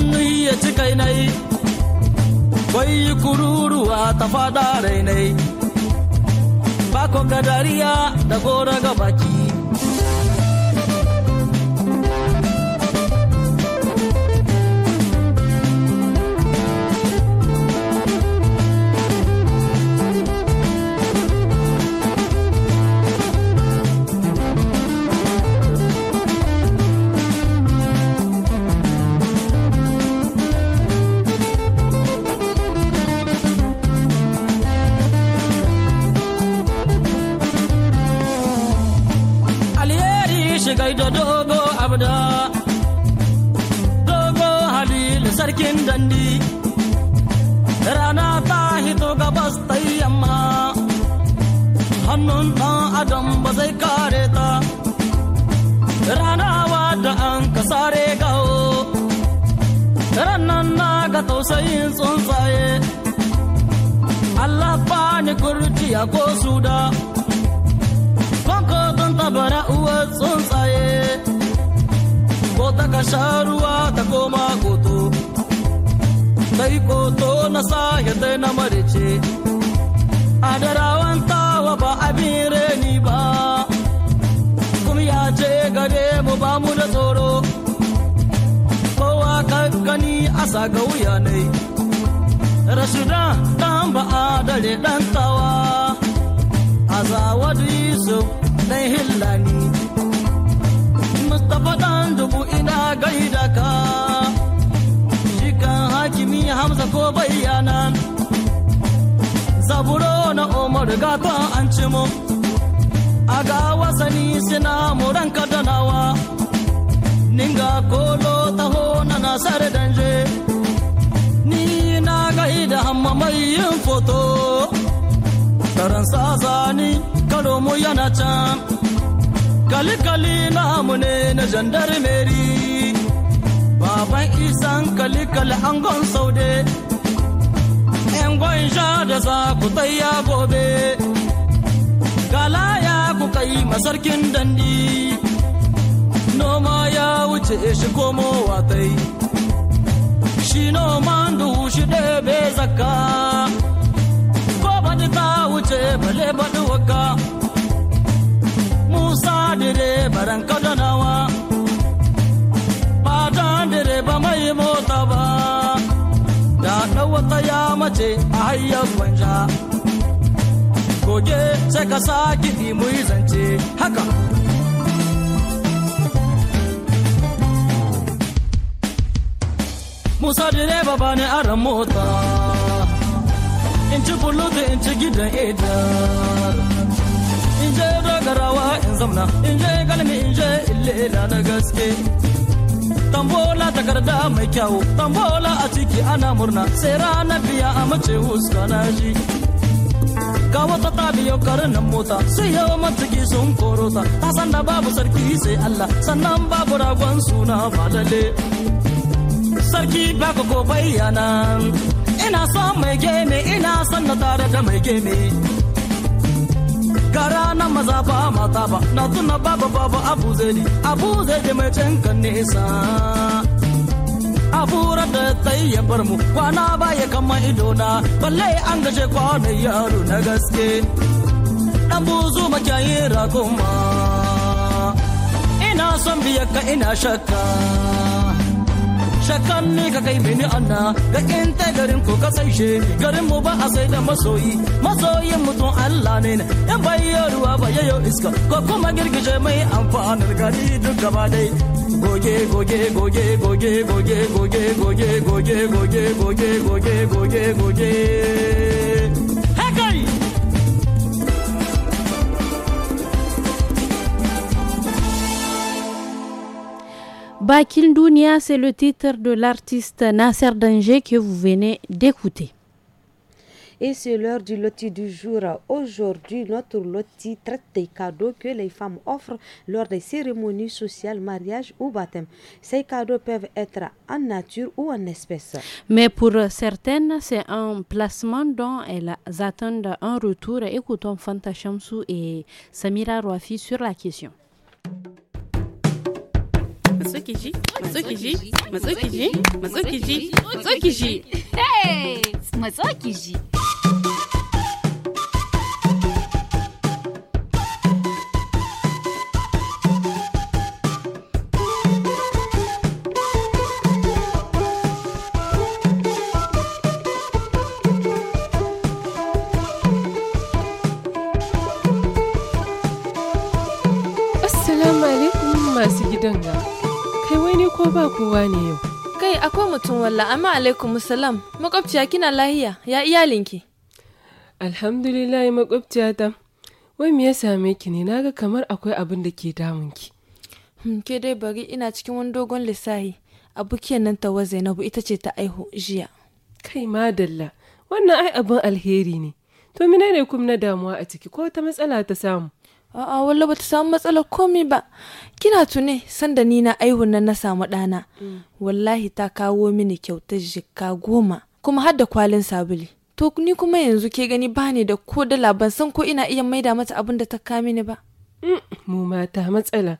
N: ya ci kai nai kwai kururuwa ta fada rainai ba ko kadariya da gora ga baki ta can kalikali namu ne na jandarmeri baban isan kalikali angon saude yan sha da za ku ya gobe galaya ku kai masarkin dandi noma ya wuce shi komowa ta yi shi noma duhu shi ɗebe zakka ko ta wuce bale baɗi waka musa direbaran kadanawa matan direba mai mota ba da ɗauwata ya mace a hayyar gwanja goge sai ka sa kiɗi mu zance haka musa direba ba ne aran mota in ci da in ci gidan idar je dogarawa in zamna in je galmi in je na gaske tambola takarda mai kyau tambola a ciki ana murna sai ranar biya a mace huska na ji ga wata ta biyo karnan mota sai yawa mataki sun korota ta san da babu sarki sai Allah sannan babu ragon suna ba sarki baka ko bayyana ina son mai geme ina son na tare da mai geme gara na maza ba mata ba na tuna baba baba abu zai abu zai mai can kan nesa abura da bar mu kwana ya kama idona balle an gashe kwana yaro na gaske dan buzu yi ragoma ina son biya ka ina shakka shakan ne ka kai mini anna da in ta garin ko ka sai she garin mu ba a sai da masoyi masoyin mutum Allah ne in bai yi ruwa ba yayo iska ko kuma girgije mai amfanar gari duk gaba dai goge goge goge goge goge goge goge goge goge goge goge goge goge goge goge
A: Bakindounia, c'est le titre de l'artiste Nasser Danger que vous venez d'écouter.
B: Et c'est l'heure du loti du jour. Aujourd'hui, notre loti traite des cadeaux que les femmes offrent lors des cérémonies sociales, mariage ou baptême. Ces cadeaux peuvent être en nature ou en espèce.
A: Mais pour certaines, c'est un placement dont elles attendent un retour. Écoutons Fanta Shamsou et Samira Rouafi sur la question. Masukishi, Masukishi, Masukishi, Masukishi,
O: Masukishi. Hey, Masukishi.
P: Assalamu alaikum masu gidan ga. ko ba kowa ne yau
H: kai akwai mutum walla
P: amma alaikum salam makwabciya
H: kina lahiya
P: ya iyalinki alhamdulillah makwabciya ta wai me ya same ki ne naga kamar akwai abin da ke damun ki.
H: Hmm, ke dai bari ina
P: cikin wani dogon lissahi bukiyan nan tawa zainabu ita ce ta aihu jiya kai madalla wannan ai abin alheri ne to mina ne kuma na damuwa a ciki ko ta matsala ta samu a'a wallo bata samu matsala komi ba kina tune sanda ni na
H: aihun nan na samu ɗana mm. wallahi ta kawo mini kyautar jikka goma kuma har da kwalin sabuli to ni kuma yanzu ke gani ba ne da ko dala ban san ko ina iya maida mata abin da ta ka mini ba mm. mu mata matsala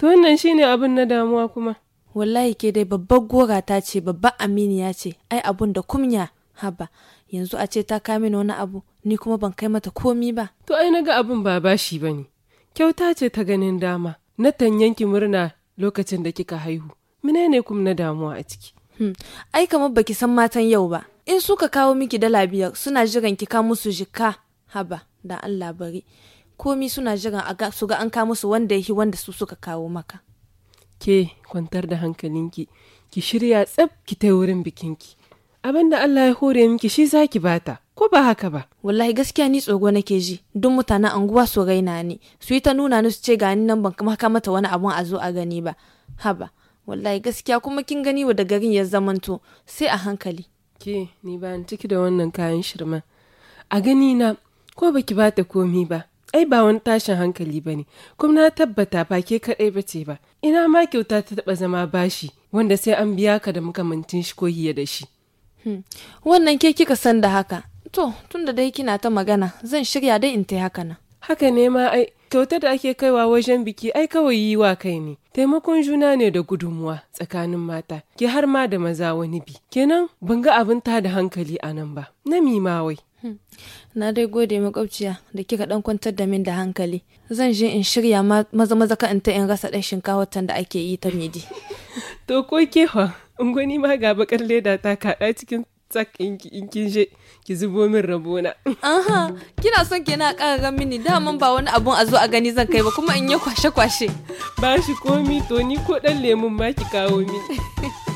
H: to wannan shine abin na damuwa kuma wallahi ke dai babbar gora ta ce babbar aminiya ce ai abun da kumya
P: haba yanzu a ce ta kame mini wani abu ni kuma ban kai mata komi ba to ai naga abin ba bashi ba ne. kyauta ce ta ganin dama na yanki murna lokacin da kika haihu menene kuma na damuwa a ciki hmm. ai kamar baki san matan yau ba in
H: suka kawo miki dala biyar suna jiran ki ka musu jika haba da Allah bari komi suna jiran a su ga an ka musu wanda yahi wanda su suka kawo maka
P: ke kwantar da hankalinki ki shirya tsab ki ta wurin bikinki abin da Allah ya hore miki shi zaki bata ko ba haka ba wallahi gaskiya ni tsogo nake ji duk mutanen anguwa
H: so raina ni su yi ta nuna ni su ce gani nan ban kama mata wani abun a zo a gani ba haba
P: wallahi gaskiya kuma kin gani wa da garin ya zamanto sai a hankali ke ni ba ni ciki da wannan kayan shirma a gani na ko baki bata komi ba ai ba wani tashin hankali bane ne kuma na tabbata ba ke kaɗai bace ba ina ma kyauta ta taɓa zama bashi wanda sai an biya ka da makamancin shi ko hiya da shi
H: Hmm. Wannan ke kika san da haka. To, tunda dai kina ta magana, zan shirya dai in tai haka nan.
P: Haka ne ma ai, kyauta da ake kaiwa wajen biki ai kawai yi wa kai ne. Taimakon juna ne da gudunmuwa tsakanin mata, ke har ma da maza wani bi. Kenan ban ga abin ta da hankali a nan ba. Na mima wai.
H: Hmm. Na dai gode makwabciya da kika dan kwantar da min da hankali. Zan je in shirya maza maza ka in ta in rasa dan shinkawar da ake yi ta midi.
P: to ko kefa. ungwani ma ga bakar leda ta kaɗa cikin tsak in kin je ki zubo min rabona. Aha, kina son ke na gan mini mun ba wani abun a zo a gani zan kai ba kuma in yi kwashe-kwashe. Ba shi komi to ni ko ɗan lemun ma ki kawo mini.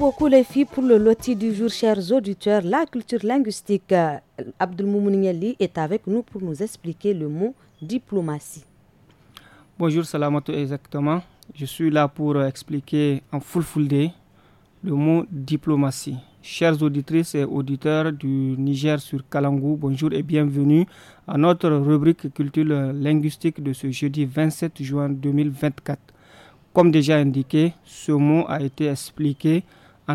B: beaucoup les filles pour le loti du jour, chers auditeurs. La culture linguistique, euh, Abdul Mounigneli est avec nous pour nous expliquer le mot diplomatie.
O: Bonjour Salamato, exactement. Je suis là pour euh, expliquer en full full day le mot diplomatie. Chers auditrices et auditeurs du Niger sur Kalangou, bonjour et bienvenue à notre rubrique culture linguistique de ce jeudi 27 juin 2024. Comme déjà indiqué, ce mot a été expliqué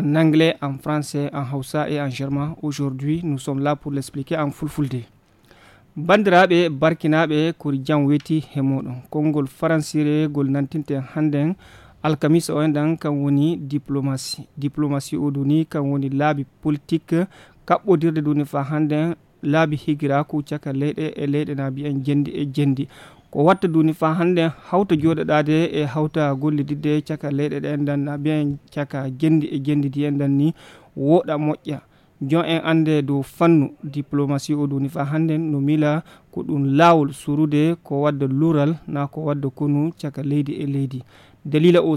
O: en anglais, en français, en hausa et en germain. Aujourd'hui, nous sommes là pour l'expliquer en fulfulde. bandiraɓe barkinaɓe kori jam weeti e muɗum konngol faransire gol nantinten hannden alkamisa o diplomatie diplomatie o duni labi politique kaɓɓodirde duni fa hannden laabi higiraku caka leyɗe e leyɗe na mbiyen jendi e jendi ko watta duni fa hande hawta joɗoɗade e hawta gollididde caka leyɗe ɗe endan bien caka gendi e gendidi e ni woɗa moƴƴa jon en ande dow fannu diplomatie o fa no surude ko wadda lural na ko wadda konu caka leydi e dalila o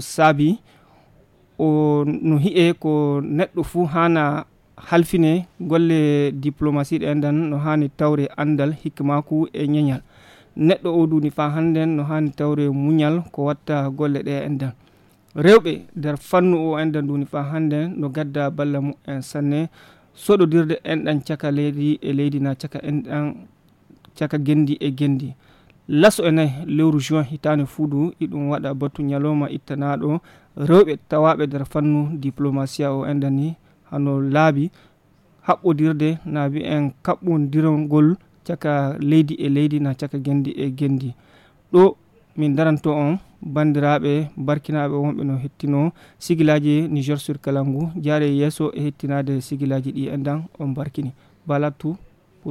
O: o no hi'e ko neɗɗo hana halfine golle diplomatie no hani andal hikmaku e neɗɗo oduni fa hannden no hani tawre muñal ko watta golle ɗe en nden rewɓe nder fannu o enɗen nduni fa hannden no gadda balla mumen sanne soɗodirde enɗan caka leydi e leydi na caka enɗan caka gendi e gendi laso e nayi lewru juin hitane fuudu iɗum waɗa battu ñalowma ittanaɗo rewɓe tawaɓe nder fannu diplomatia o enɗan ni hano laaɓi haɓɓodirde naabi en kaɓɓodirongol caka leydi e leydi na caka gendi e gendi ɗo min daranto on bandiraɓe barkinaɓe wonɓe no hettino sigilaji niger sur kalangu jaare yesso e de sigilaji ɗi endan on barkini bala pour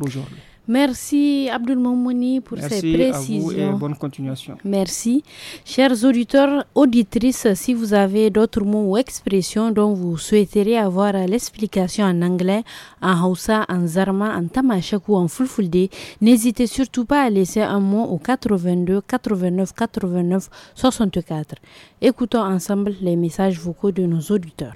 O: aujourd'hui
A: Merci Abdul Moumouni pour ces précisions. et bonne continuation. Merci. Chers auditeurs, auditrices, si vous avez d'autres mots ou expressions dont vous souhaiterez avoir l'explication en anglais, en Hausa, en Zarma, en Tamashek ou en Fulfulde, n'hésitez surtout pas à laisser un mot au 82 89 89 64. Écoutons ensemble les messages vocaux de nos auditeurs.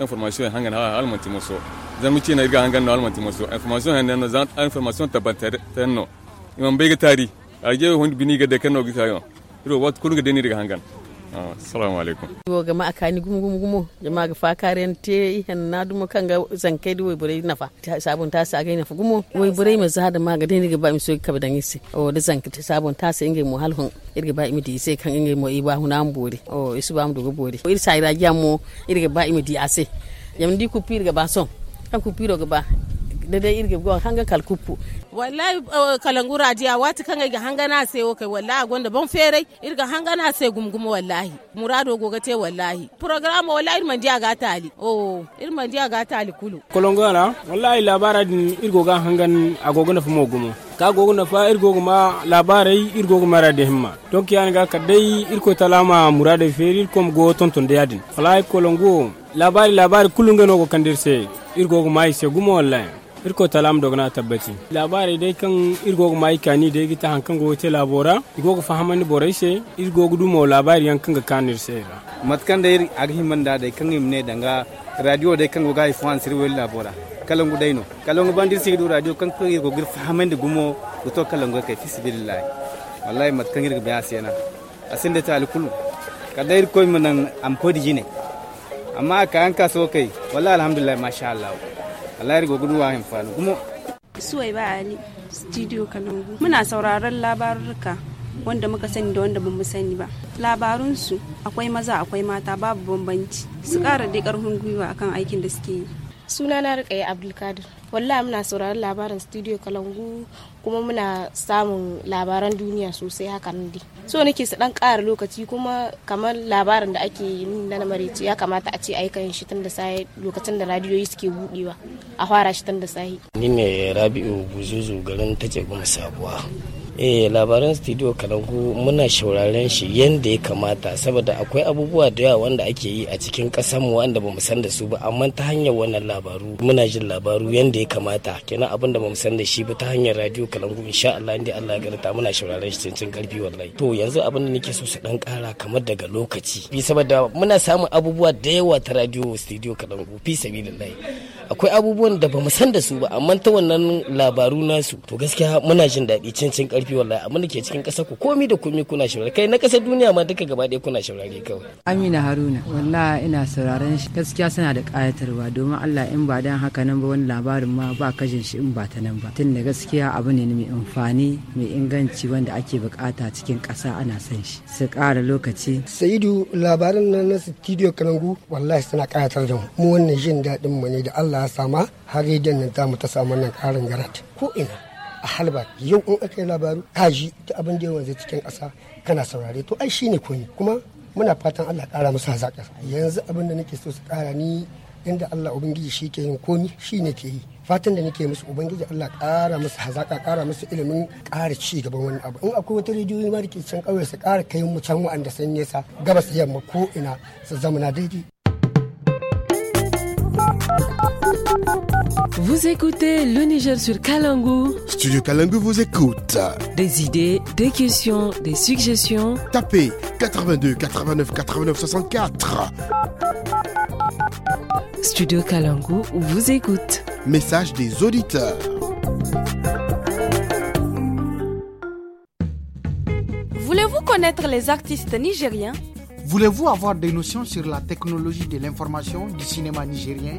L: information hangen ha almanti moso zan mu cina irga hangen no almanti moso information hangen no zan information tabater tenno imam bege tari aje hon bini ga de kenno gisa yo ro wat kulga denir ga hangen assalamu alaikum
G: wo gama akani gumu gumu gumu ya ma ga fa karen te ihan na duma kan ga zankai do bure na fa sabon ta sa ga na fa gumu wai bure mai za da ma ga dai ga ba mi so ka dan isi o da zankai ta sabon ta sa inge mu halhun irga ba imi di sai kan inge mu i ba huna mu bore o isu ba mu dogo bore o irsa ira ga mu irga ba imi di ase yam di ku pir ga ba son kan ku piro ga ba da dai irge go hanga kalkupu wallahi uh, kalangura dia wati kanga ga hanga na sai okay wallahi gonda ban fere irga hanga na sai gumgumo wallahi murado goga te wallahi program wallahi irman dia ga tali oh irman dia ga tali kulu
O: kolongora wallahi labara din irgo ga hangan agogo na fumo gumo ka gogo na fa irgo ma labarai irgo ma ra de himma donc yan ga kadai irko talama murado fere irko go tonton de yadin wallahi kolongo labari labari kulunga ko go kandirse irgo ma ise gumo wallahi irko talam dogana tabbati labari dai kan irgo yi kani dai gita hankan go te labora irgo fahamani boraise irgo gudu mo labari yankan ga kanir sera matkan dai aghi manda dai kan imne danga radio dai kan go yi fan sirwel labora kalangu daino kalangu bandir du radio kan ko irgo gir fahamani gumo to kalangu kai fisbillah wallahi matkan irgo biya sena asinde ta alkulu kada irko manan am podijine amma ka kaso kai wallahi alhamdulillah masha Allah alari gudu wa himfani kuma
A: suwai ba ali studio kalangu muna sauraron labarurka wanda muka sani da wanda bamu sani ba labarunsu akwai maza akwai mata babu bambanci su kara dai karfin gwiwa akan aikin da suke yi suna na rika yi abdulkadir wallahi muna sauraron labarin studio kalangu kuma muna samun labaran duniya sosai hakan dai so nake su dan kara lokaci kuma kamar labarin da ake yi na
G: ya kamata a ce a yi kan shi tun da sai lokacin da radiyoyi suke budewa a fara shi tun da sai ni ne rabi'u buzuzu garin take goma sabuwa eh labaran studio kalangu muna shauraren shi yadda ya kamata saboda akwai abubuwa da yawa wanda ake yi a cikin mu wanda bamu san da su ba amma ta hanyar wannan labaru muna jin labaru yadda ya kamata kenan abin da bamu san da shi ba ta hanyar radio kalangu insha Allah inda Allah ya garanta muna shauraren shi cin karfi wallahi to yanzu abin da nake so su dan kara kamar daga lokaci bi saboda muna samun abubuwa da yawa ta radio studio kalangu fi sabilillah akwai abubuwan da ba mu san da su ba amma ta wannan labaru nasu to gaskiya muna jin daɗi cin cin karfi wallahi amma da ke cikin ƙasar ku komi da komi kuna shirare kai na ƙasar duniya ma duka gaba ɗaya kuna shirare kawai Amina Haruna wallahi ina sauraron shi gaskiya suna da ƙayatarwa domin Allah in ba dan haka nan ba wani labarin ma ba kajin shi in ba ta nan ba tun da gaskiya abu ne mai amfani mai inganci wanda ake bukata cikin ƙasa ana son shi su ƙara lokaci
O: Sa'idu labarin nan na studio
E: Kanangu
G: wallahi suna ƙayatar da mu mu wannan jin daɗin mu ne da Allah Allah ya sama har rediyon nan zamu ta samu nan karin garat ko ina a halba yau in aka yi labaru kaji ta abin da yawan zai cikin ƙasa kana saurare to ai shine komi kuma muna fatan Allah ƙara musu hazaƙa yanzu abin da nake so su ƙara ni inda Allah ubangiji shi ke yin komi shi ne ke yi fatan da nake musu ubangiji Allah ƙara musu hazaƙa ƙara musu ilimin ƙara ci gaban wani abu in akwai wata
E: rediyoyi ma da ke can ƙauye su ƙara kai mu can wa'anda sun nesa gabas yamma ko ina su zamana daidai. Vous écoutez
P: le Niger sur Kalangou.
F: Studio Kalangou vous écoute.
P: Des idées, des questions, des suggestions. Tapez 82 89 89 64. Studio Kalangou vous écoute.
F: Message des auditeurs.
H: Voulez-vous connaître les artistes nigériens
E: Voulez-vous avoir des notions sur la technologie de l'information du cinéma nigérien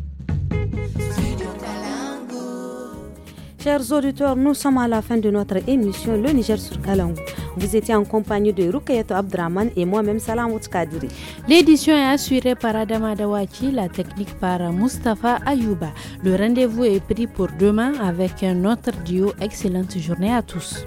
B: Chers auditeurs, nous sommes à la fin de notre émission Le Niger sur Kalangou. Vous étiez en compagnie de Rukayeto Abdraman et moi-même Salam Kadiri. L'édition est assurée par Adama Dawachi, la technique par Mustafa
A: Ayouba. Le rendez-vous est pris pour demain avec un autre duo. Excellente journée à tous.